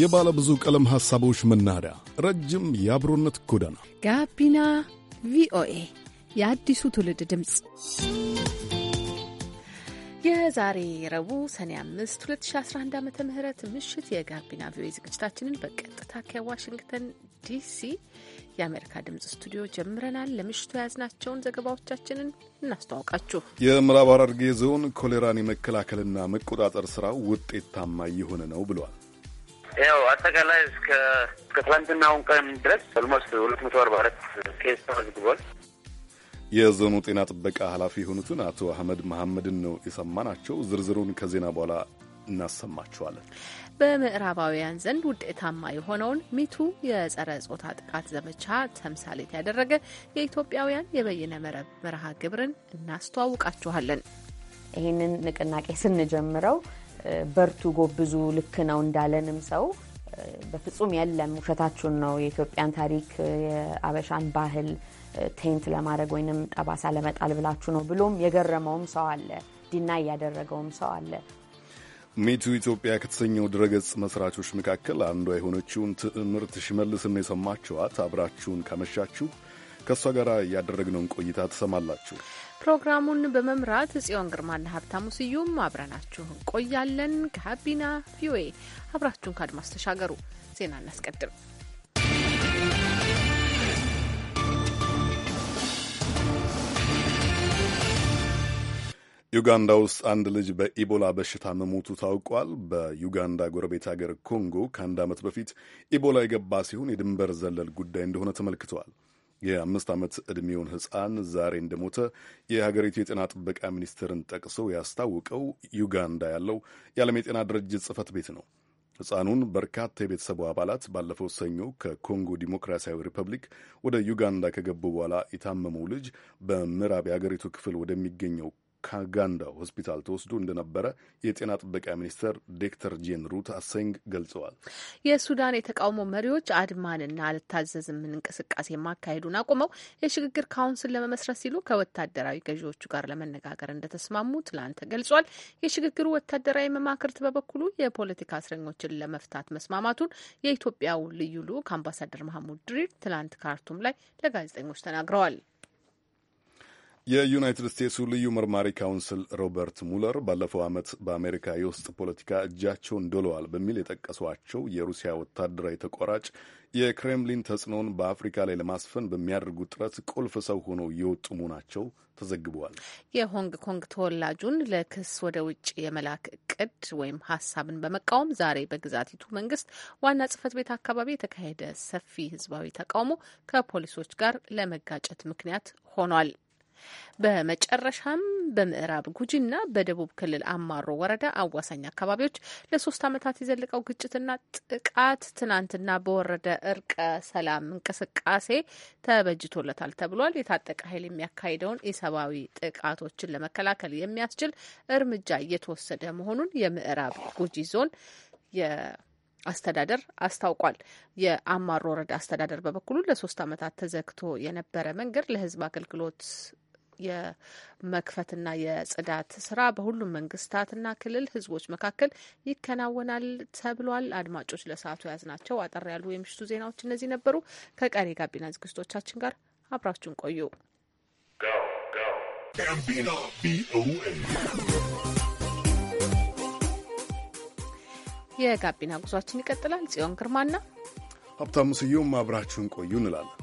የባለ ብዙ ቀለም ሐሳቦች መናኸሪያ፣ ረጅም የአብሮነት ጎዳና፣ ጋቢና ቪኦኤ የአዲሱ ትውልድ ድምፅ። የዛሬ ረቡዕ ሰኔ 5 2011 ዓ ም ምሽት የጋቢና ቪኦኤ ዝግጅታችንን በቀጥታ ከዋሽንግተን ዲሲ የአሜሪካ ድምጽ ስቱዲዮ ጀምረናል። ለምሽቱ የያዝናቸውን ዘገባዎቻችንን እናስተዋውቃችሁ። የምዕራብ ሐረርጌ ዞን ኮሌራን የመከላከልና መቆጣጠር ስራው ውጤታማ እየሆነ ነው ብሏል። ያው አጠቃላይ እስከ አሁን ቀን ድረስ ኦልሞስት ሁለት መቶ አርባ አራት ኬስ ተመዝግቧል። የዞኑ ጤና ጥበቃ ኃላፊ የሆኑትን አቶ አህመድ መሐመድን ነው የሰማናቸው። ዝርዝሩን ከዜና በኋላ እናሰማችኋለን። በምዕራባውያን ዘንድ ውጤታማ የሆነውን ሚቱ የጸረ ጾታ ጥቃት ዘመቻ ተምሳሌት ያደረገ የኢትዮጵያውያን የበይነ መረብ መርሃ ግብርን እናስተዋውቃችኋለን። ይህንን ንቅናቄ ስንጀምረው በርቱ፣ ጎብዙ፣ ልክ ነው እንዳለንም ሰው በፍጹም የለም ውሸታችሁን ነው የኢትዮጵያን ታሪክ የአበሻን ባህል ቴንት ለማድረግ ወይንም ጠባሳ ለመጣል ብላችሁ ነው ብሎም የገረመውም ሰው አለ፣ ዲና እያደረገውም ሰው አለ። ሜቱ ኢትዮጵያ ከተሰኘው ድረገጽ መስራቾች መካከል አንዷ የሆነችውን ትዕምርት ሽመልስን የሰማችኋት። አብራችሁን ካመሻችሁ ከእሷ ጋር ያደረግነውን ቆይታ ትሰማላችሁ። ፕሮግራሙን በመምራት ጽዮን ግርማና ሀብታሙ ስዩም አብረናችሁ ቆያለን። ጋቢና ቪኦኤ አብራችሁን ከአድማስ ተሻገሩ። ዜና እናስቀድም። ዩጋንዳ ውስጥ አንድ ልጅ በኢቦላ በሽታ መሞቱ ታውቋል። በዩጋንዳ ጎረቤት ሀገር ኮንጎ ከአንድ ዓመት በፊት ኢቦላ የገባ ሲሆን የድንበር ዘለል ጉዳይ እንደሆነ ተመልክተዋል። የአምስት ዓመት ዕድሜውን ሕፃን ዛሬ እንደሞተ የሀገሪቱ የጤና ጥበቃ ሚኒስቴርን ጠቅሶ ያስታውቀው ዩጋንዳ ያለው የዓለም የጤና ድርጅት ጽፈት ቤት ነው። ሕፃኑን በርካታ የቤተሰቡ አባላት ባለፈው ሰኞ ከኮንጎ ዲሞክራሲያዊ ሪፐብሊክ ወደ ዩጋንዳ ከገቡ በኋላ የታመመው ልጅ በምዕራብ የሀገሪቱ ክፍል ወደሚገኘው ካጋንዳ ሆስፒታል ተወስዶ እንደነበረ የጤና ጥበቃ ሚኒስተር ዶክተር ጄን ሩት አሰንግ ገልጸዋል። የሱዳን የተቃውሞ መሪዎች አድማንና አልታዘዝምን እንቅስቃሴ ማካሄዱን አቁመው የሽግግር ካውንስል ለመመስረት ሲሉ ከወታደራዊ ገዢዎቹ ጋር ለመነጋገር እንደተስማሙ ትላንት ገልጿል። የሽግግሩ ወታደራዊ መማክርት በበኩሉ የፖለቲካ እስረኞችን ለመፍታት መስማማቱን የኢትዮጵያው ልዩ ልዑክ አምባሳደር መሐሙድ ድሪር ትላንት ካርቱም ላይ ለጋዜጠኞች ተናግረዋል። የዩናይትድ ስቴትሱ ልዩ መርማሪ ካውንስል ሮበርት ሙለር ባለፈው ዓመት በአሜሪካ የውስጥ ፖለቲካ እጃቸውን ዶለዋል በሚል የጠቀሷቸው የሩሲያ ወታደራዊ ተቆራጭ የክሬምሊን ተጽዕኖውን በአፍሪካ ላይ ለማስፈን በሚያደርጉ ጥረት ቁልፍ ሰው ሆነው የወጡ መሆናቸው ተዘግበዋል። የሆንግ ኮንግ ተወላጁን ለክስ ወደ ውጭ የመላክ እቅድ ወይም ሀሳብን በመቃወም ዛሬ በግዛቲቱ መንግስት ዋና ጽህፈት ቤት አካባቢ የተካሄደ ሰፊ ህዝባዊ ተቃውሞ ከፖሊሶች ጋር ለመጋጨት ምክንያት ሆኗል። በመጨረሻም በምዕራብ ጉጂና በደቡብ ክልል አማሮ ወረዳ አዋሳኝ አካባቢዎች ለሶስት ዓመታት የዘለቀው ግጭትና ጥቃት ትናንትና በወረደ እርቀ ሰላም እንቅስቃሴ ተበጅቶለታል ተብሏል። የታጠቀ ኃይል የሚያካሂደውን የሰብአዊ ጥቃቶችን ለመከላከል የሚያስችል እርምጃ እየተወሰደ መሆኑን የምዕራብ ጉጂ ዞን አስተዳደር አስታውቋል። የአማሮ ወረዳ አስተዳደር በበኩሉ ለሶስት ዓመታት ተዘግቶ የነበረ መንገድ ለሕዝብ አገልግሎት የመክፈትና የጽዳት ስራ በሁሉም መንግስታትና ክልል ህዝቦች መካከል ይከናወናል ተብሏል። አድማጮች ለሰዓቱ የያዝናቸው አጠር ያሉ የምሽቱ ዜናዎች እነዚህ ነበሩ። ከቀሪ ጋቢና ዝግጅቶቻችን ጋር አብራችሁን ቆዩ። የጋቢና ጉዟችን ይቀጥላል። ጽዮን ግርማና ሀብታሙ ስዩም አብራችሁን ቆዩ እንላለን።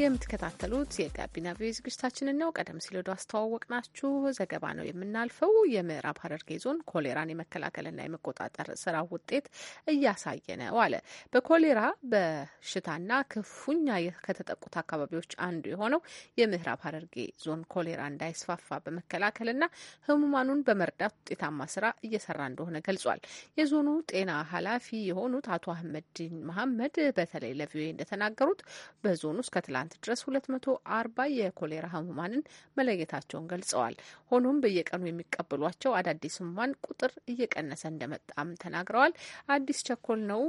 የምትከታተሉት የጋቢና ቪኦኤ ዝግጅታችንን ነው። ቀደም ሲል ወደ አስተዋወቅናችሁ ዘገባ ነው የምናልፈው። የምዕራብ ሐረርጌ ዞን ኮሌራን የመከላከልና የመቆጣጠር ስራ ውጤት እያሳየ ነው አለ። በኮሌራ በሽታና ክፉኛ ከተጠቁት አካባቢዎች አንዱ የሆነው የምዕራብ ሐረርጌ ዞን ኮሌራ እንዳይስፋፋ በመከላከልና ህሙማኑን በመርዳት ውጤታማ ስራ እየሰራ እንደሆነ ገልጿል። የዞኑ ጤና ኃላፊ የሆኑት አቶ አህመዲን መሐመድ በተለይ ለቪኦኤ እንደተናገሩት በዞኑ ውስጥ ከትላ ትናንት ድረስ 240 የኮሌራ ህሙማንን መለየታቸውን ገልጸዋል። ሆኖም በየቀኑ የሚቀበሏቸው አዳዲስ ህሙማን ቁጥር እየቀነሰ እንደመጣም ተናግረዋል። አዲስ ቸኮል ነው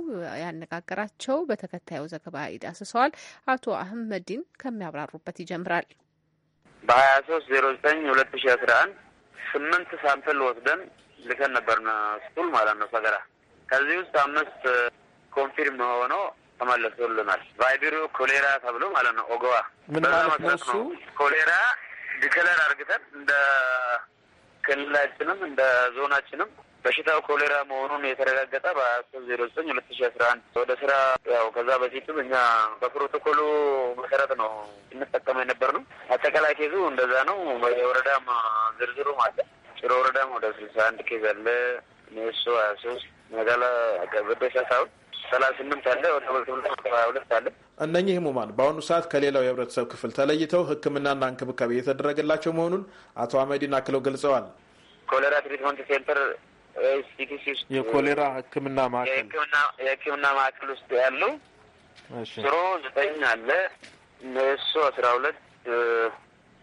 ያነጋገራቸው። በተከታዩ ዘገባ ይዳስሰዋል። አቶ አህመዲን ከሚያብራሩበት ይጀምራል። በሀያ ሶስት ዜሮ ዘጠኝ ሁለት ሺ አስራ አንድ ስምንት ሳምፕል ወስደን ልከን ነበር ስኩል ማለት ነው ሰገራ። ከዚህ ውስጥ አምስት ኮንፊርም ሆነው ተመልሶልናል። ቫይቢሮ ኮሌራ ተብሎ ማለት ነው። ኦገዋ ምን ማለት ነው? ኮሌራ ዲክለር አድርግተን እንደ ክልላችንም እንደ ዞናችንም በሽታው ኮሌራ መሆኑን የተረጋገጠ በሶስት ዜሮ ዘጠኝ ሁለት ሺ አስራ አንድ ወደ ስራ ያው ከዛ በፊትም እኛ በፕሮቶኮሉ መሰረት ነው እንጠቀመ የነበር ነው። አጠቃላይ ኬዙ እንደዛ ነው። የወረዳም ዝርዝሩም አለ። ጭሮ ወረዳም ወደ ስልሳ አንድ ኬዝ አለ። ኔሶ ሀያ ሶስት መጋላ ገበደ ሳሳሁን ሰላሳ ስምንት አለ ወደ ሀያ ሁለት አለ። እነኚህ ህሙማን በአሁኑ ሰዓት ከሌላው የህብረተሰብ ክፍል ተለይተው ህክምናና እንክብካቤ እየተደረገላቸው መሆኑን አቶ አህመዲን አክለው ገልጸዋል። ኮሌራ ትሪትመንት ሴንተር የኮሌራ ህክምና ማዕከል የሕክምና ማዕከል ውስጥ ያለው ስሮ ዘጠኝ አለ እሱ አስራ ሁለት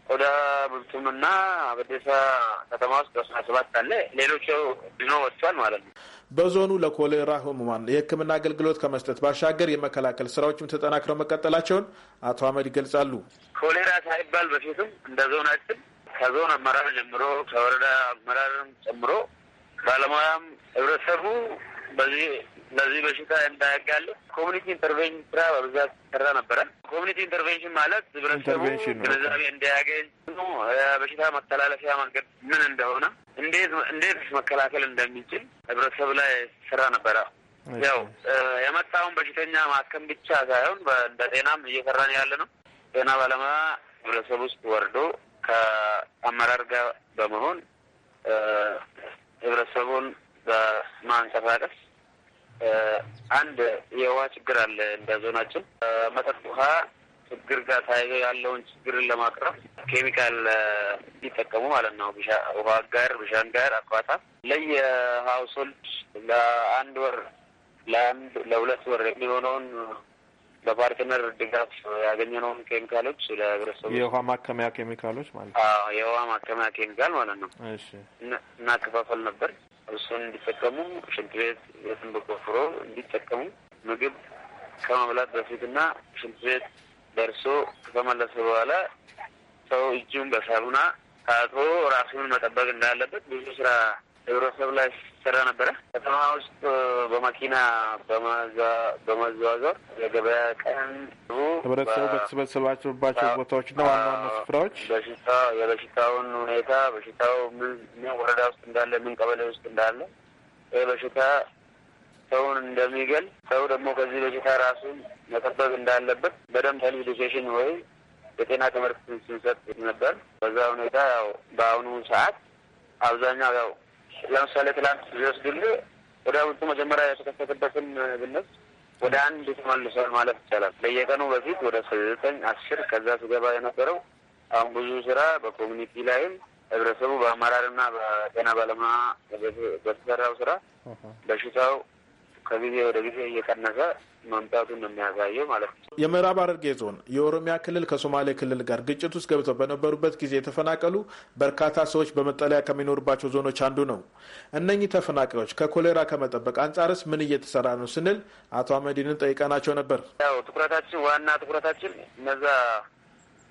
ቆዳ ብልቱምና በደሳ ከተማ ውስጥ አስራ ሰባት አለ። ሌሎቹ ድኖ ወጥቷል ማለት ነው። በዞኑ ለኮሌራ ህሙማን የህክምና አገልግሎት ከመስጠት ባሻገር የመከላከል ስራዎችም ተጠናክረው መቀጠላቸውን አቶ አህመድ ይገልጻሉ። ኮሌራ ሳይባል በፊትም እንደ ዞናችን ከዞን አመራር ጀምሮ ከወረዳ አመራርም ጨምሮ ባለሙያም ህብረተሰቡ በዚህ ለዚህ በሽታ እንዳያጋለ ኮሚኒቲ ኢንተርቬንሽን ስራ በብዛት ሰራ ነበረ። ኮሚኒቲ ኢንተርቬንሽን ማለት ህብረተሰቡ ግንዛቤ እንዳያገኝ በሽታ መተላለፊያ መንገድ ምን እንደሆነ፣ እንዴት እንዴት መከላከል እንደሚችል ህብረተሰብ ላይ ስራ ነበረ። ያው የመጣውን በሽተኛ ማከም ብቻ ሳይሆን እንደ ጤናም እየሰራን ያለ ነው። ጤና ባለሙያ ህብረተሰብ ውስጥ ወርዶ ከአመራር ጋር በመሆን ህብረተሰቡን በማንቀሳቀስ አንድ የውሃ ችግር አለ። እንደ ዞናችን መጠጥ ውሃ ችግር ጋር ተያይዞ ያለውን ችግርን ለማቅረብ ኬሚካል ይጠቀሙ ማለት ነው። ውሃ ጋር ብሻን ጋር አኳታ ለየ ሀውሶልድ ለአንድ ወር ለአንድ ለሁለት ወር የሚሆነውን በፓርትነር ድጋፍ ያገኘነውን ኬሚካሎች ለህብረተሰቡ የውሃ ማከሚያ ኬሚካሎች ማለት ነው። የውሃ ማከሚያ ኬሚካል ማለት ነው። እናከፋፈል ነበር። እሱን እንዲጠቀሙ ሽንት ቤት ቤትን በቆፍሮ እንዲጠቀሙ ምግብ ከመብላት በፊትና ሽንት ቤት ደርሶ ከተመለሰ በኋላ ሰው እጁን በሳሙና ታጥቦ ራሱን መጠበቅ እንዳለበት ብዙ ስራ ህብረተሰብ ላይ ሲሰራ ነበረ። ከተማ ውስጥ በመኪና በመዘዋወር የገበያ ቀን ህብረተሰቡ በተሰበሰባቸውባቸው ቦታዎችና ዋና ዋና ስፍራዎች በሽታ የበሽታውን ሁኔታ በሽታው ምን ወረዳ ውስጥ እንዳለ ምን ቀበሌ ውስጥ እንዳለ ይህ በሽታ ሰውን እንደሚገል ሰው ደግሞ ከዚህ በሽታ ራሱን መጠበቅ እንዳለበት በደንብ ሄልዝ ኤዱኬሽን ወይ የጤና ትምህርት ስንሰጥ ነበር። በዛ ሁኔታ ያው በአሁኑ ሰዓት አብዛኛው ያው ለምሳሌ ትላንት ሲወስድል ወደ ውጡ መጀመሪያ የተከሰተበትን ብነት ወደ አንድ ተመልሷል ማለት ይቻላል። በየቀኑ በፊት ወደ ዘጠኝ አስር ከዛ ስገባ የነበረው አሁን ብዙ ስራ በኮሚኒቲ ላይም ህብረተሰቡ በአመራርና በጤና ባለሙያ በተሰራው ስራ በሽታው ከጊዜ ወደ ጊዜ እየቀነሰ መምጣቱን ነው የሚያሳየው ማለት ነው። የምዕራብ ሐረርጌ ዞን የኦሮሚያ ክልል ከሶማሌ ክልል ጋር ግጭት ውስጥ ገብተው በነበሩበት ጊዜ የተፈናቀሉ በርካታ ሰዎች በመጠለያ ከሚኖርባቸው ዞኖች አንዱ ነው። እነኚህ ተፈናቃዮች ከኮሌራ ከመጠበቅ አንጻርስ ምን እየተሰራ ነው ስንል አቶ አመዲንን ጠይቀናቸው ነበር። ያው ትኩረታችን ዋና ትኩረታችን እነዛ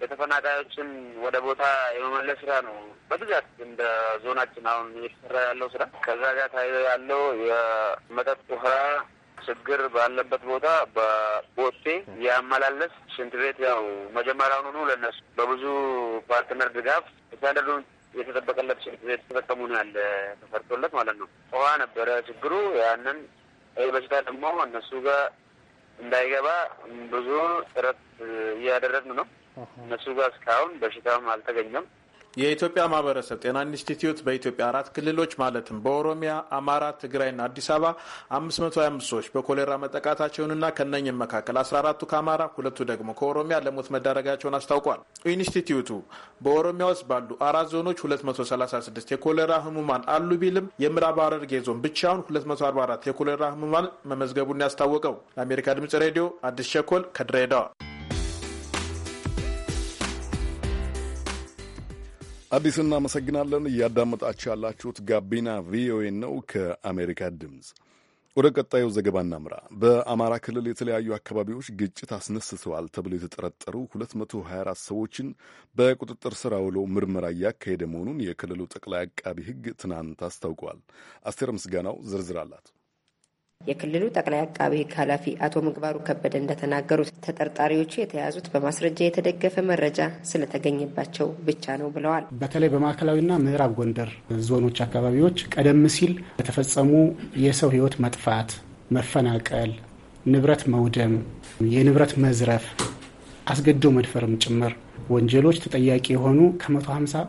የተፈናቃዮችን ወደ ቦታ የመመለስ ስራ ነው በብዛት እንደ ዞናችን አሁን እየተሰራ ያለው ስራ። ከዛ ጋር ታይዘ ያለው የመጠጥ ውሃ ችግር ባለበት ቦታ በቦቴ ያመላለስ ሽንት ቤት ያው መጀመሪያውን ሆኑ ለነሱ በብዙ ፓርትነር ድጋፍ ስታንደርዱን የተጠበቀለት ሽንት ቤት ተጠቀሙ ነው ያለ ተፈርቶለት ማለት ነው። ውሃ ነበረ ችግሩ። ያንን ይህ በሽታ ደግሞ እነሱ ጋር እንዳይገባ ብዙ ጥረት እያደረግን ነው። እነሱ ጋር እስካሁን በሽታም አልተገኘም። የኢትዮጵያ ማህበረሰብ ጤና ኢንስቲትዩት በኢትዮጵያ አራት ክልሎች ማለትም በኦሮሚያ፣ አማራ፣ ትግራይና አዲስ አበባ 525 ሰዎች በኮሌራ መጠቃታቸውንና ከነኝም መካከል 14ቱ ከአማራ ሁለቱ ደግሞ ከኦሮሚያ ለሞት መዳረጋቸውን አስታውቋል። ኢንስቲትዩቱ በኦሮሚያ ውስጥ ባሉ አራት ዞኖች 236 የኮሌራ ህሙማን አሉ ቢልም የምዕራብ ሐረርጌ ዞን ብቻውን 244 የኮሌራ ህሙማን መመዝገቡን ያስታወቀው። ለአሜሪካ ድምጽ ሬዲዮ አዲስ ቸኮል ከድሬዳዋ አዲስ እናመሰግናለን። እያዳመጣችሁ ያላችሁት ጋቢና ቪኦኤ ነው ከአሜሪካ ድምፅ። ወደ ቀጣዩ ዘገባ እናምራ። በአማራ ክልል የተለያዩ አካባቢዎች ግጭት አስነስተዋል ተብሎ የተጠረጠሩ 224 ሰዎችን በቁጥጥር ስር አውሎ ምርመራ እያካሄደ መሆኑን የክልሉ ጠቅላይ አቃቢ ሕግ ትናንት አስታውቀዋል። አስቴር ምስጋናው ዝርዝር አላት። የክልሉ ጠቅላይ አቃቤ ሕግ ኃላፊ አቶ ምግባሩ ከበደ እንደተናገሩት ተጠርጣሪዎቹ የተያዙት በማስረጃ የተደገፈ መረጃ ስለተገኘባቸው ብቻ ነው ብለዋል። በተለይ በማዕከላዊና ምዕራብ ጎንደር ዞኖች አካባቢዎች ቀደም ሲል የተፈጸሙ የሰው ሕይወት መጥፋት፣ መፈናቀል፣ ንብረት መውደም፣ የንብረት መዝረፍ፣ አስገድዶ መድፈርም ጭምር ወንጀሎች ተጠያቂ የሆኑ ከ150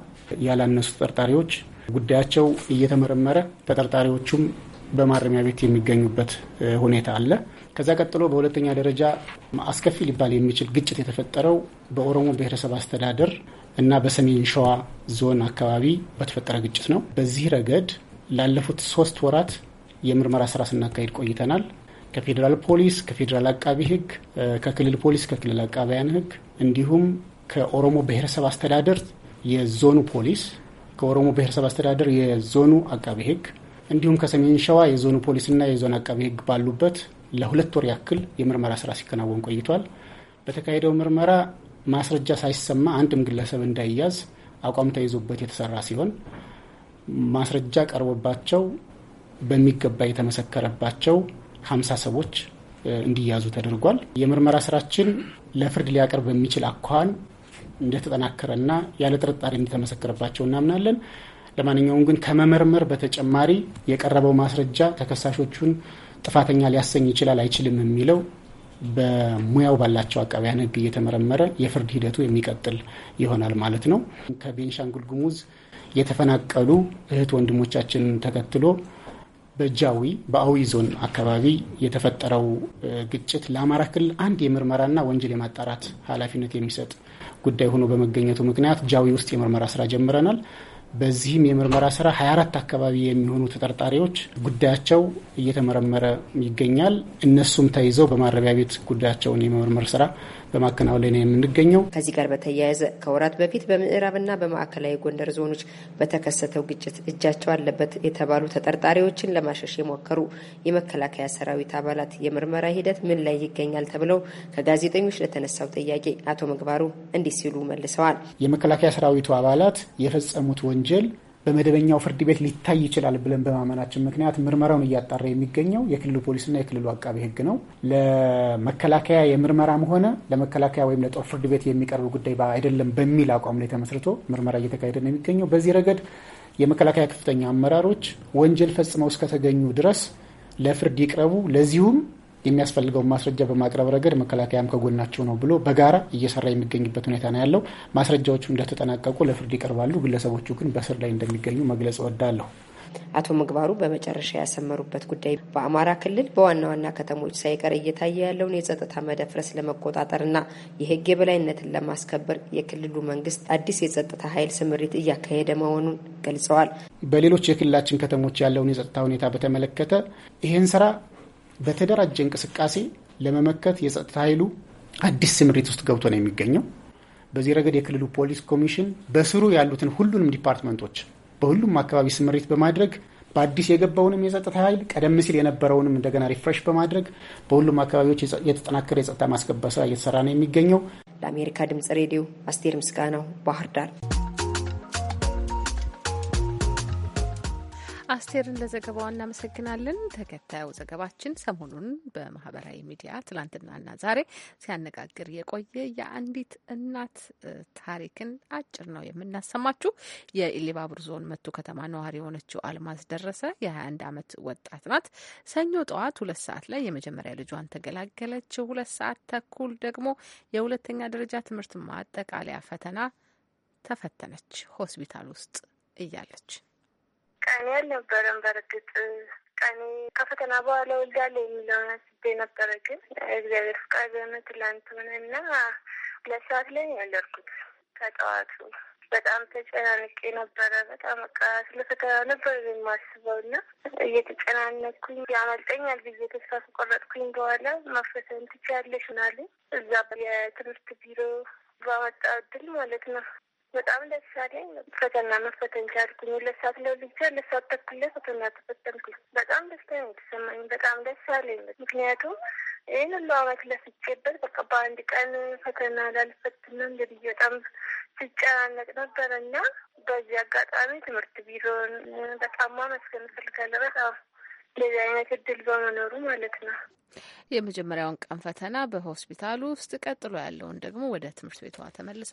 ያላነሱ ተጠርጣሪዎች ጉዳያቸው እየተመረመረ ተጠርጣሪዎቹም በማረሚያ ቤት የሚገኙበት ሁኔታ አለ። ከዛ ቀጥሎ በሁለተኛ ደረጃ አስከፊ ሊባል የሚችል ግጭት የተፈጠረው በኦሮሞ ብሔረሰብ አስተዳደር እና በሰሜን ሸዋ ዞን አካባቢ በተፈጠረ ግጭት ነው። በዚህ ረገድ ላለፉት ሶስት ወራት የምርመራ ስራ ስናካሄድ ቆይተናል። ከፌዴራል ፖሊስ፣ ከፌዴራል አቃቢ ህግ ከክልል ፖሊስ፣ ከክልል አቃቢያን ህግ እንዲሁም ከኦሮሞ ብሔረሰብ አስተዳደር የዞኑ ፖሊስ፣ ከኦሮሞ ብሔረሰብ አስተዳደር የዞኑ አቃቢ ህግ። እንዲሁም ከሰሜን ሸዋ የዞኑ ፖሊስና የዞን አቃቢ ሕግ ባሉበት ለሁለት ወር ያክል የምርመራ ስራ ሲከናወን ቆይቷል። በተካሄደው ምርመራ ማስረጃ ሳይሰማ አንድም ግለሰብ እንዳይያዝ አቋም ተይዞበት የተሰራ ሲሆን ማስረጃ ቀርቦባቸው በሚገባ የተመሰከረባቸው ሀምሳ ሰዎች እንዲያዙ ተደርጓል። የምርመራ ስራችን ለፍርድ ሊያቀርብ በሚችል አኳኋን እንደተጠናከረና ያለ ጥርጣሬ እንደተመሰከረባቸው እናምናለን። ለማንኛውም ግን ከመመርመር በተጨማሪ የቀረበው ማስረጃ ተከሳሾቹን ጥፋተኛ ሊያሰኝ ይችላል አይችልም የሚለው በሙያው ባላቸው አቃቢያን ሕግ እየተመረመረ የፍርድ ሂደቱ የሚቀጥል ይሆናል ማለት ነው። ከቤንሻንጉል ጉሙዝ የተፈናቀሉ እህት ወንድሞቻችን ተከትሎ በጃዊ በአዊ ዞን አካባቢ የተፈጠረው ግጭት ለአማራ ክልል አንድ የምርመራና ወንጀል የማጣራት ኃላፊነት የሚሰጥ ጉዳይ ሆኖ በመገኘቱ ምክንያት ጃዊ ውስጥ የምርመራ ስራ ጀምረናል። በዚህም የምርመራ ስራ 24 አካባቢ የሚሆኑ ተጠርጣሪዎች ጉዳያቸው እየተመረመረ ይገኛል። እነሱም ተይዘው በማረቢያ ቤት ጉዳያቸውን የመመርመር ስራ በማከናወን ላይ ነው የምንገኘው። ከዚህ ጋር በተያያዘ ከወራት በፊት በምዕራብና በማዕከላዊ ጎንደር ዞኖች በተከሰተው ግጭት እጃቸው አለበት የተባሉ ተጠርጣሪዎችን ለማሸሽ የሞከሩ የመከላከያ ሰራዊት አባላት የምርመራ ሂደት ምን ላይ ይገኛል ተብለው ከጋዜጠኞች ለተነሳው ጥያቄ አቶ ምግባሩ እንዲህ ሲሉ መልሰዋል። የመከላከያ ሰራዊቱ አባላት የፈጸሙት ወን ወንጀል በመደበኛው ፍርድ ቤት ሊታይ ይችላል ብለን በማመናችን ምክንያት ምርመራውን እያጣራ የሚገኘው የክልሉ ፖሊስና የክልሉ አቃቢ ሕግ ነው። ለመከላከያ የምርመራም ሆነ ለመከላከያ ወይም ለጦር ፍርድ ቤት የሚቀርብ ጉዳይ አይደለም በሚል አቋም ላይ ተመስርቶ ምርመራ እየተካሄደ ነው የሚገኘው። በዚህ ረገድ የመከላከያ ከፍተኛ አመራሮች ወንጀል ፈጽመው እስከተገኙ ድረስ ለፍርድ ይቅረቡ፣ ለዚሁም የሚያስፈልገውን ማስረጃ በማቅረብ ረገድ መከላከያም ከጎናቸው ነው ብሎ በጋራ እየሰራ የሚገኝበት ሁኔታ ነው ያለው። ማስረጃዎቹ እንደተጠናቀቁ ለፍርድ ይቀርባሉ። ግለሰቦቹ ግን በስር ላይ እንደሚገኙ መግለጽ እወዳለሁ። አቶ ምግባሩ በመጨረሻ ያሰመሩበት ጉዳይ በአማራ ክልል በዋና ዋና ከተሞች ሳይቀር እየታየ ያለውን የጸጥታ መደፍረስ ለመቆጣጠርና የሕግ የበላይነትን ለማስከበር የክልሉ መንግስት አዲስ የጸጥታ ኃይል ስምሪት እያካሄደ መሆኑን ገልጸዋል። በሌሎች የክልላችን ከተሞች ያለውን የጸጥታ ሁኔታ በተመለከተ ይህን ስራ በተደራጀ እንቅስቃሴ ለመመከት የጸጥታ ኃይሉ አዲስ ስምሪት ውስጥ ገብቶ ነው የሚገኘው። በዚህ ረገድ የክልሉ ፖሊስ ኮሚሽን በስሩ ያሉትን ሁሉንም ዲፓርትመንቶች በሁሉም አካባቢ ስምሪት በማድረግ በአዲስ የገባውንም የጸጥታ ኃይል ቀደም ሲል የነበረውንም እንደገና ሪፍሬሽ በማድረግ በሁሉም አካባቢዎች የተጠናከረ የጸጥታ ማስከበር ስራ እየተሰራ ነው የሚገኘው። ለአሜሪካ ድምጽ ሬዲዮ አስቴር ምስጋናው ባህር ዳር። አስቴርን ለዘገባዋ እናመሰግናለን። ተከታዩ ዘገባችን ሰሞኑን በማህበራዊ ሚዲያ ትላንትናና ዛሬ ሲያነጋግር የቆየ የአንዲት እናት ታሪክን አጭር ነው የምናሰማችሁ። የኢሊባቡር ዞን መቱ ከተማ ነዋሪ የሆነችው አልማዝ ደረሰ የ21 ዓመት ወጣት ናት። ሰኞ ጠዋት ሁለት ሰዓት ላይ የመጀመሪያ ልጇን ተገላገለች። ሁለት ሰዓት ተኩል ደግሞ የሁለተኛ ደረጃ ትምህርት ማጠቃለያ ፈተና ተፈተነች ሆስፒታል ውስጥ እያለች ቀኔ አልነበረም። በእርግጥ ቀኔ ከፈተና በኋላ ወልዳለሁ የሚለውን አስቤ ነበረ። ግን እግዚአብሔር ፍቃድ በሆነ ትላንት ሆነና ሁለት ሰዓት ላይ ነው ያለርኩት ከጠዋቱ በጣም ተጨናንቄ ነበረ። በጣም በቃ ስለፈተና ነበር የማስበው እና እየተጨናነኩኝ ያመልጠኛል ብዬ ተስፋ ከቆረጥኩኝ በኋላ መፈተን ትችያለሽ ምናምን እዛ የትምህርት ቢሮ ባመጣው እድል ማለት ነው በጣም ደስ አለኝ። ፈተና መፈተን ቻልኩኝ። ለሳት ሰዓት ለሳት ሁለት ተኩል ፈተና ተፈተንኩኝ። በጣም ደስታ ነው የተሰማኝ። በጣም ደስ አለኝ። ምክንያቱም ይህን ሁሉ አመት ለፍጬበት በቃ በአንድ ቀን ፈተና ላልፈትና እንደዚህ በጣም ስጨናነቅ ነበረ እና በዚህ አጋጣሚ ትምህርት ቢሮን በጣም ማመስገን እፈልጋለሁ። በጣም እንደዚህ አይነት እድል በመኖሩ ማለት ነው። የመጀመሪያውን ቀን ፈተና በሆስፒታሉ ውስጥ ቀጥሎ ያለውን ደግሞ ወደ ትምህርት ቤቷ ተመልሳ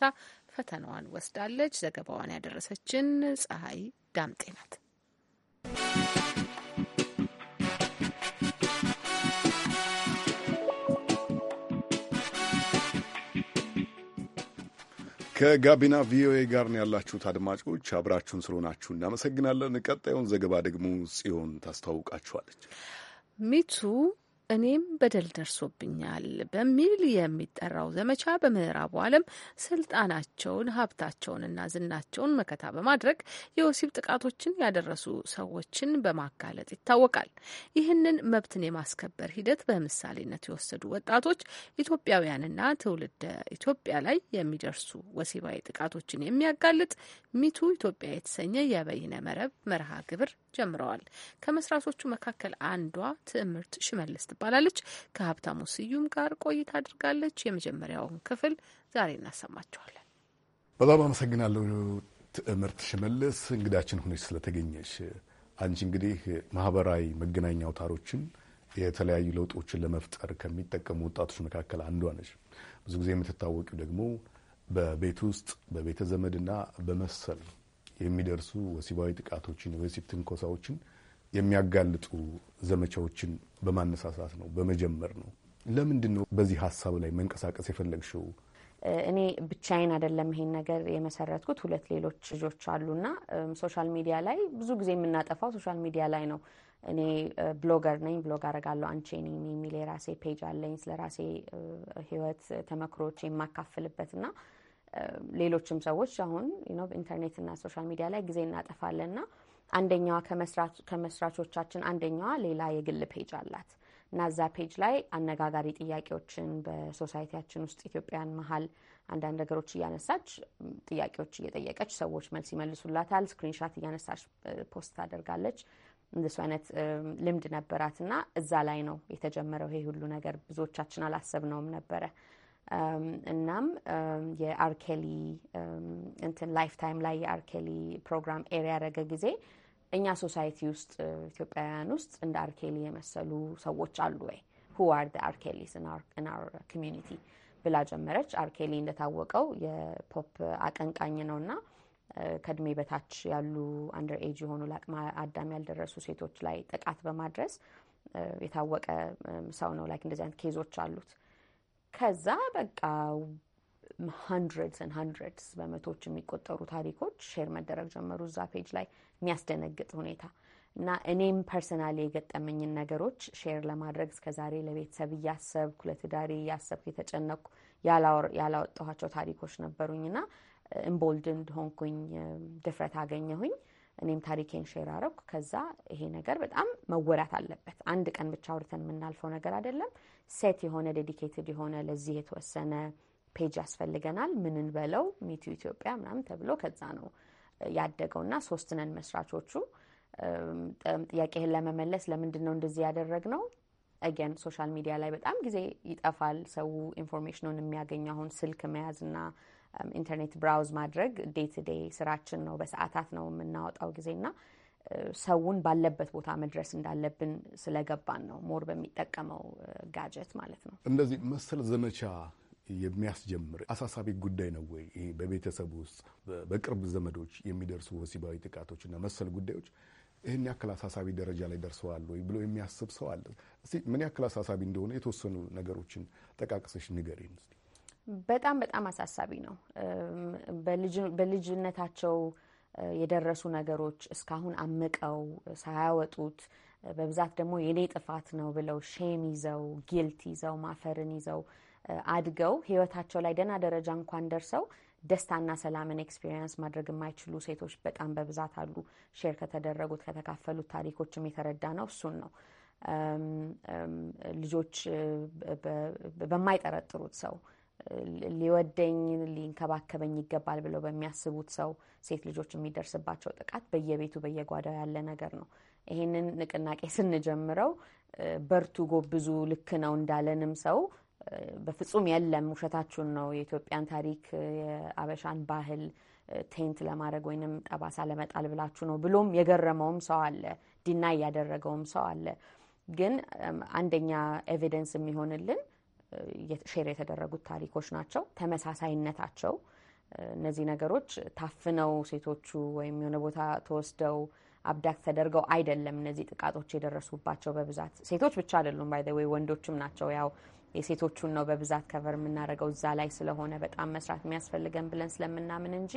ፈተናዋን ወስዳለች። ዘገባዋን ያደረሰችን ፀሐይ ዳምጤ ናት። ከጋቢና ቪኦኤ ጋር ነው ያላችሁት። አድማጮች አብራችሁን ስለሆናችሁ እናመሰግናለን። ቀጣዩን ዘገባ ደግሞ ጽዮን ታስተዋውቃችኋለች። ሚቱ እኔም በደል ደርሶብኛል በሚል የሚጠራው ዘመቻ በምዕራቡ ዓለም ስልጣናቸውን፣ ሀብታቸውንና ዝናቸውን መከታ በማድረግ የወሲብ ጥቃቶችን ያደረሱ ሰዎችን በማጋለጥ ይታወቃል። ይህንን መብትን የማስከበር ሂደት በምሳሌነት የወሰዱ ወጣቶች ኢትዮጵያውያንና ትውልደ ኢትዮጵያ ላይ የሚደርሱ ወሲባዊ ጥቃቶችን የሚያጋልጥ ሚቱ ኢትዮጵያ የተሰኘ የበይነ መረብ መርሃ ግብር ጀምረዋል። ከመስራቶቹ መካከል አንዷ ትዕምርት ሽመልስ ትባላለች። ከሀብታሙ ስዩም ጋር ቆይታ አድርጋለች። የመጀመሪያውን ክፍል ዛሬ እናሰማችኋለን። በጣም አመሰግናለሁ ትምህርት ሽመልስ እንግዳችን ሆነች ስለተገኘች። አንቺ እንግዲህ ማህበራዊ መገናኛ አውታሮችን የተለያዩ ለውጦችን ለመፍጠር ከሚጠቀሙ ወጣቶች መካከል አንዷ ነች። ብዙ ጊዜ የምትታወቂው ደግሞ በቤት ውስጥ በቤተ ዘመድና በመሰል የሚደርሱ ወሲባዊ ጥቃቶችን፣ ወሲብ ትንኮሳዎችን የሚያጋልጡ ዘመቻዎችን በማነሳሳት ነው፣ በመጀመር ነው። ለምንድን ነው በዚህ ሀሳብ ላይ መንቀሳቀስ የፈለግሽው? እኔ ብቻዬን አይደለም ይሄን ነገር የመሰረትኩት፣ ሁለት ሌሎች ልጆች አሉና ሶሻል ሚዲያ ላይ ብዙ ጊዜ የምናጠፋው ሶሻል ሚዲያ ላይ ነው። እኔ ብሎገር ነኝ፣ ብሎግ አረጋለሁ። አንቺ ኔ የሚል የራሴ ፔጅ አለኝ፣ ስለ ራሴ ህይወት ተመክሮች የማካፍልበት እና ሌሎችም ሰዎች አሁን ኢንተርኔትና ሶሻል ሚዲያ ላይ ጊዜ እናጠፋለን ና አንደኛዋ ከመስራቾቻችን አንደኛዋ ሌላ የግል ፔጅ አላት እና እዛ ፔጅ ላይ አነጋጋሪ ጥያቄዎችን በሶሳይቲያችን ውስጥ ኢትዮጵያን መሀል አንዳንድ ነገሮች እያነሳች ጥያቄዎች እየጠየቀች ሰዎች መልስ ይመልሱላታል። ስክሪንሻት እያነሳች ፖስት ታደርጋለች። እንደሱ አይነት ልምድ ነበራት እና እዛ ላይ ነው የተጀመረው ይሄ ሁሉ ነገር። ብዙዎቻችን አላሰብነውም ነበረ። እናም የአርኬሊ እንትን ላይፍታይም ላይ የአርኬሊ ፕሮግራም ኤር ያደረገ ጊዜ እኛ ሶሳይቲ ውስጥ ኢትዮጵያውያን ውስጥ እንደ አርኬሊ የመሰሉ ሰዎች አሉ ወይ? ሁ አር ደ አርኬሊስ ኢን አር ኮሚዩኒቲ ብላ ጀመረች። አርኬሊ እንደታወቀው የፖፕ አቀንቃኝ ነው እና ከእድሜ በታች ያሉ አንደር ኤጅ የሆኑ ለአቅመ አዳም ያልደረሱ ሴቶች ላይ ጥቃት በማድረስ የታወቀ ሰው ነው። ላይክ እንደዚህ አይነት ኬዞች አሉት። ከዛ በቃ ሀንድረድስ ን ሀንድረድስ በመቶዎች የሚቆጠሩ ታሪኮች ሼር መደረግ ጀመሩ እዛ ፔጅ ላይ የሚያስደነግጥ ሁኔታ እና እኔም ፐርሰናሊ የገጠመኝን ነገሮች ሼር ለማድረግ እስከዛሬ ለቤተሰብ እያሰብኩ ለትዳሬ እያሰብኩ የተጨነቅኩ ያላወጣኋቸው ታሪኮች ነበሩኝ እና ኢምቦልድንድ ሆንኩኝ፣ ድፍረት አገኘሁኝ። እኔም ታሪኬን ሼር አረኩ። ከዛ ይሄ ነገር በጣም መወራት አለበት። አንድ ቀን ብቻ አውርተን የምናልፈው ነገር አይደለም። ሴት የሆነ ዴዲኬትድ የሆነ ለዚህ የተወሰነ ፔጅ ያስፈልገናል። ምንን በለው ሚቱ ኢትዮጵያ ምናምን ተብሎ ከዛ ነው ያደገው እና ሶስት ነን መስራቾቹ። ጥያቄህን ለመመለስ ለምንድን ነው እንደዚህ ያደረግ ነው? አገን ሶሻል ሚዲያ ላይ በጣም ጊዜ ይጠፋል። ሰው ኢንፎርሜሽኑን የሚያገኝ አሁን ስልክ መያዝና ኢንተርኔት ብራውዝ ማድረግ ዴይ ቱ ዴይ ስራችን ነው። በሰዓታት ነው የምናወጣው ጊዜና ሰውን ባለበት ቦታ መድረስ እንዳለብን ስለገባን ነው ሞር በሚጠቀመው ጋጀት ማለት ነው። እንደዚህ መሰል ዘመቻ የሚያስጀምር አሳሳቢ ጉዳይ ነው ወይ? ይሄ በቤተሰብ ውስጥ በቅርብ ዘመዶች የሚደርሱ ወሲባዊ ጥቃቶችና መሰል ጉዳዮች ይህን ያክል አሳሳቢ ደረጃ ላይ ደርሰዋል ወይ ብሎ የሚያስብ ሰው አለ? እስቲ ምን ያክል አሳሳቢ እንደሆነ የተወሰኑ ነገሮችን ጠቃቅሰሽ ንገሪን። በጣም በጣም አሳሳቢ ነው። በልጅነታቸው የደረሱ ነገሮች እስካሁን አምቀው ሳያወጡት በብዛት ደግሞ የኔ ጥፋት ነው ብለው ሼም ይዘው ጊልት ይዘው ማፈርን ይዘው አድገው ህይወታቸው ላይ ደህና ደረጃ እንኳን ደርሰው ደስታና ሰላምን ኤክስፒሪየንስ ማድረግ የማይችሉ ሴቶች በጣም በብዛት አሉ። ሼር ከተደረጉት ከተካፈሉት ታሪኮችም የተረዳ ነው። እሱን ነው ልጆች በማይጠረጥሩት ሰው ሊወደኝ ሊንከባከበኝ ይገባል ብለው በሚያስቡት ሰው ሴት ልጆች የሚደርስባቸው ጥቃት በየቤቱ በየጓዳው ያለ ነገር ነው። ይሄንን ንቅናቄ ስንጀምረው በርቱ፣ ጎብዙ፣ ልክ ነው እንዳለንም ሰው በፍጹም የለም፣ ውሸታችሁን ነው፣ የኢትዮጵያን ታሪክ የአበሻን ባህል ቴንት ለማድረግ ወይንም ጠባሳ ለመጣል ብላችሁ ነው ብሎም የገረመውም ሰው አለ፣ ዲና እያደረገውም ሰው አለ። ግን አንደኛ ኤቪደንስ የሚሆንልን ሼር የተደረጉት ታሪኮች ናቸው። ተመሳሳይነታቸው እነዚህ ነገሮች ታፍነው ሴቶቹ ወይም የሆነ ቦታ ተወስደው አብዳክት ተደርገው አይደለም። እነዚህ ጥቃቶች የደረሱባቸው በብዛት ሴቶች ብቻ አይደሉም። ባይ ወይ ወንዶችም ናቸው ያው የሴቶቹን ነው በብዛት ከቨር የምናደርገው እዛ ላይ ስለሆነ በጣም መስራት የሚያስፈልገን ብለን ስለምናምን እንጂ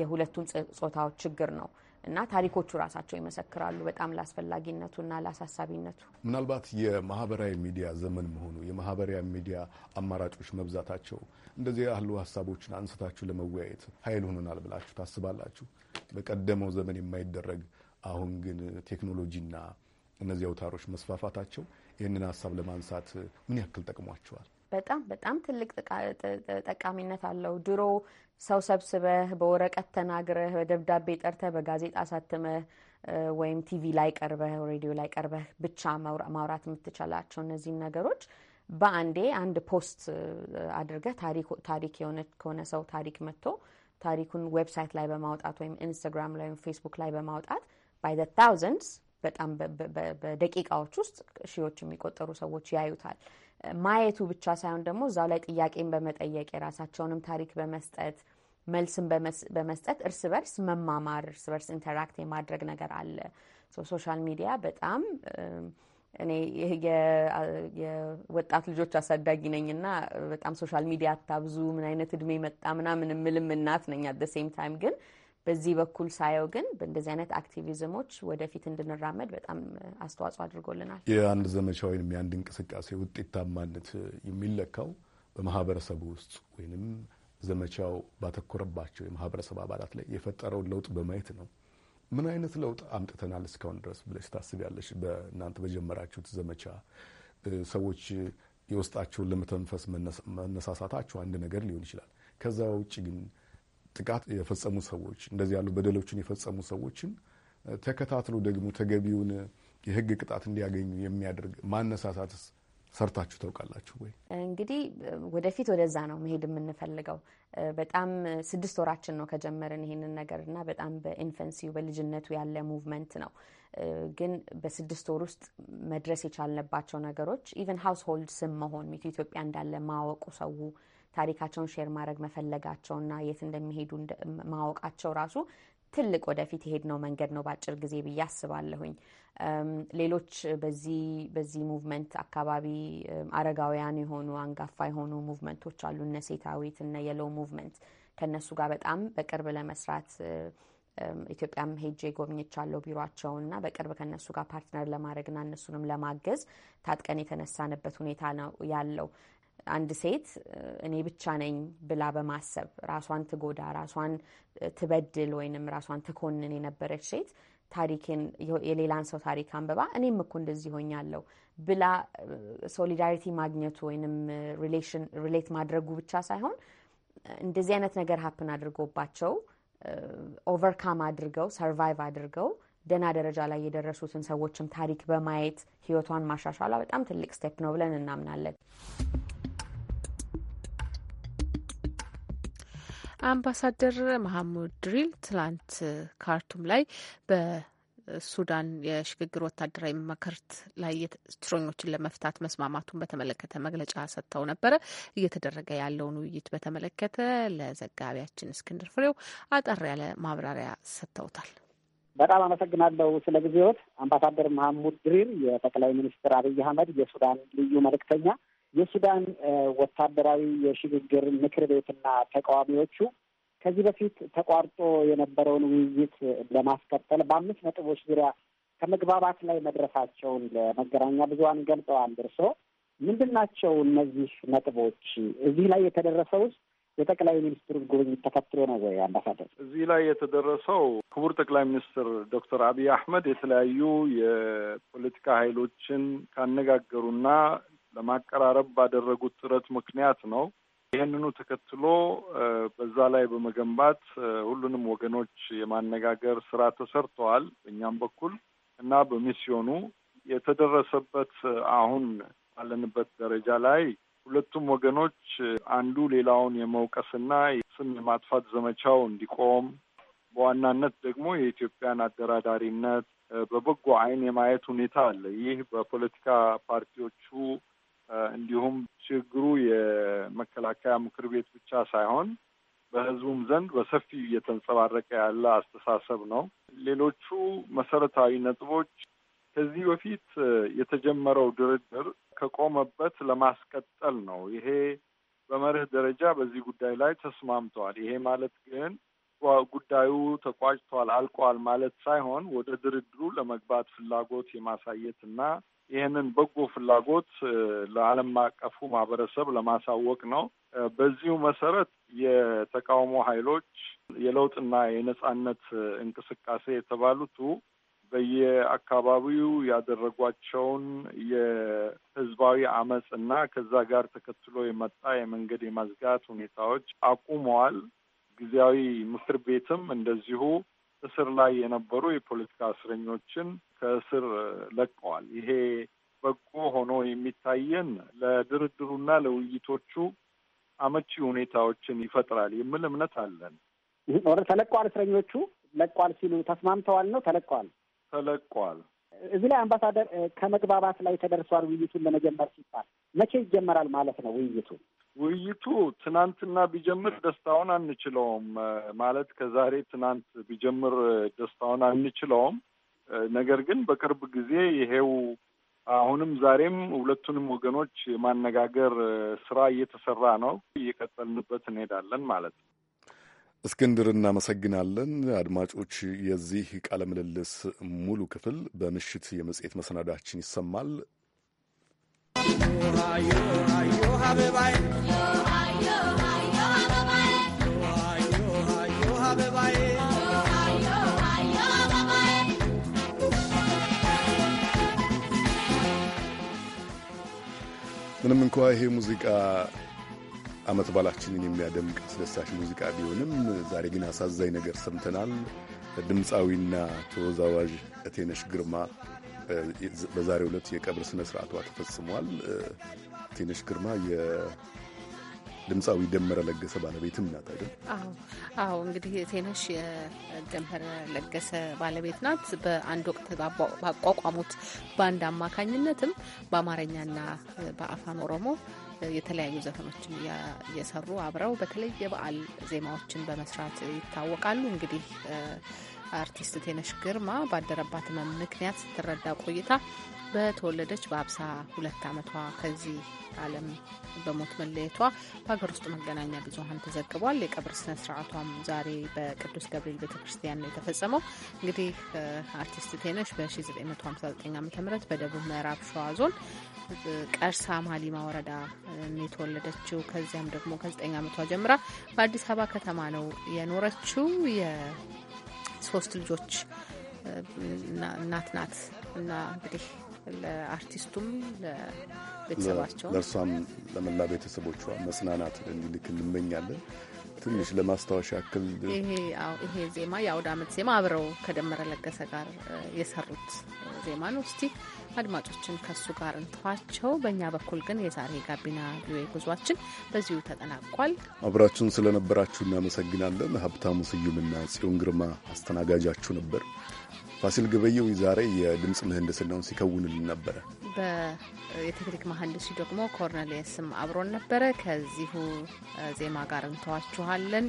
የሁለቱም ጾታዎች ችግር ነው እና ታሪኮቹ ራሳቸው ይመሰክራሉ በጣም እና ለአሳሳቢነቱ። ምናልባት የማህበራዊ ሚዲያ ዘመን መሆኑ የማህበራዊ ሚዲያ አማራጮች መብዛታቸው እንደዚህ ያሉ ሀሳቦችን አንስታችሁ ለመወያየት ኃይል ሆኖናል ብላችሁ ታስባላችሁ? በቀደመው ዘመን የማይደረግ አሁን ግን ቴክኖሎጂና እነዚህ አውታሮች መስፋፋታቸው ይህንን ሀሳብ ለማንሳት ምን ያክል ጠቅሟቸዋል? በጣም በጣም ትልቅ ጠቃሚነት አለው። ድሮ ሰው ሰብስበህ በወረቀት ተናግረህ በደብዳቤ ጠርተህ በጋዜጣ አሳትመህ ወይም ቲቪ ላይ ቀርበህ ሬዲዮ ላይ ቀርበህ ብቻ ማውራት የምትችላቸው እነዚህን ነገሮች በአንዴ አንድ ፖስት አድርገህ ታሪክ የሆነ ከሆነ ሰው ታሪክ መጥቶ ታሪኩን ዌብሳይት ላይ በማውጣት ወይም ኢንስታግራም ላይ ወይም ፌስቡክ ላይ በማውጣት ባይ ዘ ታውዘንድስ በጣም በደቂቃዎች ውስጥ ሺዎች የሚቆጠሩ ሰዎች ያዩታል። ማየቱ ብቻ ሳይሆን ደግሞ እዛው ላይ ጥያቄን በመጠየቅ የራሳቸውንም ታሪክ በመስጠት መልስን በመስጠት እርስ በርስ መማማር፣ እርስ በርስ ኢንተራክት የማድረግ ነገር አለ። ሶሻል ሚዲያ በጣም እኔ የወጣት ልጆች አሳዳጊ ነኝ እና በጣም ሶሻል ሚዲያ አታብዙ፣ ምን አይነት እድሜ መጣ ምናምን ምልም እናት ነኝ። አት ሴም ታይም ግን በዚህ በኩል ሳየው ግን በእንደዚህ አይነት አክቲቪዝሞች ወደፊት እንድንራመድ በጣም አስተዋጽኦ አድርጎልናል። የአንድ ዘመቻ ወይም የአንድ እንቅስቃሴ ውጤታማነት የሚለካው በማህበረሰቡ ውስጥ ወይም ዘመቻው ባተኮረባቸው የማህበረሰብ አባላት ላይ የፈጠረውን ለውጥ በማየት ነው። ምን አይነት ለውጥ አምጥተናል እስካሁን ድረስ ብለሽ ታስቢያለሽ? በእናንተ በጀመራችሁት ዘመቻ ሰዎች የውስጣቸውን ለመተንፈስ መነሳሳታቸው አንድ ነገር ሊሆን ይችላል። ከዛ ውጭ ግን ጥቃት የፈጸሙ ሰዎች እንደዚህ ያሉ በደሎችን የፈጸሙ ሰዎችን ተከታትሎ ደግሞ ተገቢውን የህግ ቅጣት እንዲያገኙ የሚያደርግ ማነሳሳትስ ሰርታችሁ ታውቃላችሁ ወይ? እንግዲህ ወደፊት ወደዛ ነው መሄድ የምንፈልገው። በጣም ስድስት ወራችን ነው ከጀመርን ይሄንን ነገር እና በጣም በኢንፈንሲው በልጅነቱ ያለ ሙቭመንት ነው። ግን በስድስት ወር ውስጥ መድረስ የቻልንባቸው ነገሮች ኢቨን ሀውስሆልድ ስም መሆን ሚቱ ኢትዮጵያ እንዳለ ማወቁ ሰው ታሪካቸውን ሼር ማድረግ መፈለጋቸውና የት እንደሚሄዱ ማወቃቸው ራሱ ትልቅ ወደፊት የሄድነው መንገድ ነው በአጭር ጊዜ ብዬ አስባለሁኝ። ሌሎች በዚህ በዚህ ሙቭመንት አካባቢ አረጋውያን የሆኑ አንጋፋ የሆኑ ሙቭመንቶች አሉ። እነ ሴታዊት እነ የለው ሙቭመንት ከእነሱ ጋር በጣም በቅርብ ለመስራት ኢትዮጵያም ሄጄ ጎብኝቻለሁ ቢሯቸውና በቅርብ ከእነሱ ጋር ፓርትነር ለማድረግና እነሱንም ለማገዝ ታጥቀን የተነሳንበት ሁኔታ ነው ያለው። አንድ ሴት እኔ ብቻ ነኝ ብላ በማሰብ ራሷን ትጎዳ፣ ራሷን ትበድል ወይንም ራሷን ትኮንን የነበረች ሴት ታሪክን የሌላን ሰው ታሪክ አንብባ እኔም እኮ እንደዚህ ሆኛለሁ ብላ ሶሊዳሪቲ ማግኘቱ ወይንም ሪሌት ማድረጉ ብቻ ሳይሆን እንደዚህ አይነት ነገር ሀፕን አድርጎባቸው ኦቨርካም አድርገው ሰርቫይቭ አድርገው ደህና ደረጃ ላይ የደረሱትን ሰዎችም ታሪክ በማየት ህይወቷን ማሻሻሏ በጣም ትልቅ ስቴፕ ነው ብለን እናምናለን። አምባሳደር መሐሙድ ድሪል ትላንት ካርቱም ላይ በ ሱዳን የሽግግር ወታደራዊ መከርት ላይ እስረኞችን ለመፍታት መስማማቱን በተመለከተ መግለጫ ሰጥተው ነበረ። እየተደረገ ያለውን ውይይት በተመለከተ ለዘጋቢያችን እስክንድር ፍሬው አጠር ያለ ማብራሪያ ሰጥተውታል። በጣም አመሰግናለሁ ስለ ጊዜዎት አምባሳደር መሐሙድ ድሪር የጠቅላይ ሚኒስትር አብይ አህመድ የሱዳን ልዩ መልእክተኛ የሱዳን ወታደራዊ የሽግግር ምክር ቤትና ተቃዋሚዎቹ ከዚህ በፊት ተቋርጦ የነበረውን ውይይት ለማስቀጠል በአምስት ነጥቦች ዙሪያ ከመግባባት ላይ መድረሳቸውን ለመገናኛ ብዙኃን ገልጸዋል። እርሶ ምንድን ናቸው እነዚህ ነጥቦች? እዚህ ላይ የተደረሰው ውስጥ የጠቅላይ ሚኒስትሩን ጉብኝት ተከትሎ ነው ወይ አምባሳደር? እዚህ ላይ የተደረሰው ክቡር ጠቅላይ ሚኒስትር ዶክተር አብይ አህመድ የተለያዩ የፖለቲካ ኃይሎችን ካነጋገሩና ለማቀራረብ ባደረጉት ጥረት ምክንያት ነው። ይህንኑ ተከትሎ በዛ ላይ በመገንባት ሁሉንም ወገኖች የማነጋገር ስራ ተሰርተዋል። በእኛም በኩል እና በሚስዮኑ የተደረሰበት አሁን ባለንበት ደረጃ ላይ ሁለቱም ወገኖች አንዱ ሌላውን የመውቀስና ስም የማጥፋት ዘመቻው እንዲቆም በዋናነት ደግሞ የኢትዮጵያን አደራዳሪነት በበጎ ዓይን የማየት ሁኔታ አለ። ይህ በፖለቲካ ፓርቲዎቹ Uh, እንዲሁም ችግሩ የመከላከያ ምክር ቤት ብቻ ሳይሆን በህዝቡም ዘንድ በሰፊው እየተንጸባረቀ ያለ አስተሳሰብ ነው። ሌሎቹ መሰረታዊ ነጥቦች ከዚህ በፊት የተጀመረው ድርድር ከቆመበት ለማስቀጠል ነው። ይሄ በመርህ ደረጃ በዚህ ጉዳይ ላይ ተስማምተዋል። ይሄ ማለት ግን ጉዳዩ ተቋጭቷል፣ አልቋል ማለት ሳይሆን ወደ ድርድሩ ለመግባት ፍላጎት የማሳየት እና ይህንን በጎ ፍላጎት ለዓለም አቀፉ ማህበረሰብ ለማሳወቅ ነው። በዚሁ መሰረት የተቃውሞ ኃይሎች የለውጥና የነጻነት እንቅስቃሴ የተባሉቱ በየአካባቢው ያደረጓቸውን የህዝባዊ አመፅ እና ከዛ ጋር ተከትሎ የመጣ የመንገድ የማዝጋት ሁኔታዎች አቁመዋል። ጊዜያዊ ምክር ቤትም እንደዚሁ እስር ላይ የነበሩ የፖለቲካ እስረኞችን ከእስር ለቀዋል። ይሄ በጎ ሆኖ የሚታየን ለድርድሩና ለውይይቶቹ አመቺ ሁኔታዎችን ይፈጥራል የሚል እምነት አለን። ተለቀዋል፣ እስረኞቹ ለቋል ሲሉ ተስማምተዋል ነው ተለቋል። ተለቀዋል። እዚህ ላይ አምባሳደር ከመግባባት ላይ ተደርሷል። ውይይቱን ለመጀመር ሲባል መቼ ይጀመራል ማለት ነው ውይይቱ? ውይይቱ ትናንትና ቢጀምር ደስታውን አንችለውም ማለት ከዛሬ ትናንት ቢጀምር ደስታውን አንችለውም። ነገር ግን በቅርብ ጊዜ ይሄው አሁንም ዛሬም ሁለቱንም ወገኖች የማነጋገር ስራ እየተሰራ ነው። እየቀጠልንበት እንሄዳለን ማለት ነው። እስክንድር እናመሰግናለን። አድማጮች፣ የዚህ ቃለ ምልልስ ሙሉ ክፍል በምሽት የመጽሔት መሰናዳችን ይሰማል። ምንም እንኳ ይሄ ሙዚቃ አመት ባላችንን የሚያደምቅ አስደሳች ሙዚቃ ቢሆንም ዛሬ ግን አሳዛኝ ነገር ሰምተናል። ድምፃዊና ተወዛዋዥ እቴነሽ ግርማ በዛሬው ዕለት የቀብር ስነ ስርዓቷ ተፈጽሟል። ቴነሽ ግርማ ድምፃዊ ደመረ ለገሰ ባለቤትም ናት አይደል? አዎ እንግዲህ ቴነሽ የደመረ ለገሰ ባለቤት ናት። በአንድ ወቅት ባቋቋሙት ባንድ አማካኝነትም በአማርኛና በአፋን ኦሮሞ የተለያዩ ዘፈኖችን እየሰሩ አብረው በተለይ የበዓል ዜማዎችን በመስራት ይታወቃሉ። እንግዲህ አርቲስት ቴነሽ ግርማ ባደረባት ምክንያት ስትረዳ ቆይታ በተወለደች በአብሳ ሁለት ዓመቷ ከዚህ ዓለም በሞት መለየቷ በሀገር ውስጥ መገናኛ ብዙኃን ተዘግቧል። የቀብር ስነ ስርዓቷም ዛሬ በቅዱስ ገብርኤል ቤተ ክርስቲያን ነው የተፈጸመው። እንግዲህ አርቲስት ቴነሽ በ1959 ዓ ም በደቡብ ምዕራብ ሸዋ ዞን ቀርሳ ማሊማ ወረዳ የተወለደችው ከዚያም ደግሞ ከ9 ዓመቷ ጀምራ በአዲስ አበባ ከተማ ነው የኖረችው። ሶስት ልጆች እናት ናት እና እንግዲህ ለአርቲስቱም ለቤተሰባቸው ለእርሷም ለመላ ቤተሰቦቿ መጽናናት እንዲልክ እንመኛለን። ትንሽ ለማስታወሻ ያክል ይሄ ዜማ የአውድ አመት ዜማ አብረው ከደመረ ለገሰ ጋር የሰሩት ዜማ ነው። እስቲ አድማጮችን ከሱ ጋር እንተዋቸው። በእኛ በኩል ግን የዛሬ ጋቢና ቪኦኤ ጉዟችን በዚሁ ተጠናቋል። አብራችሁን ስለነበራችሁ እናመሰግናለን። ሀብታሙ ስዩምና ጽዮን ግርማ አስተናጋጃችሁ ነበር። ፋሲል ገበየው ዛሬ የድምፅ ምህንድስናውን ሲከውንልን ነበረ። የቴክኒክ መሀንዲሱ ደግሞ ኮርኔሊየስም አብሮን ነበረ። ከዚሁ ዜማ ጋር እንተዋችኋለን።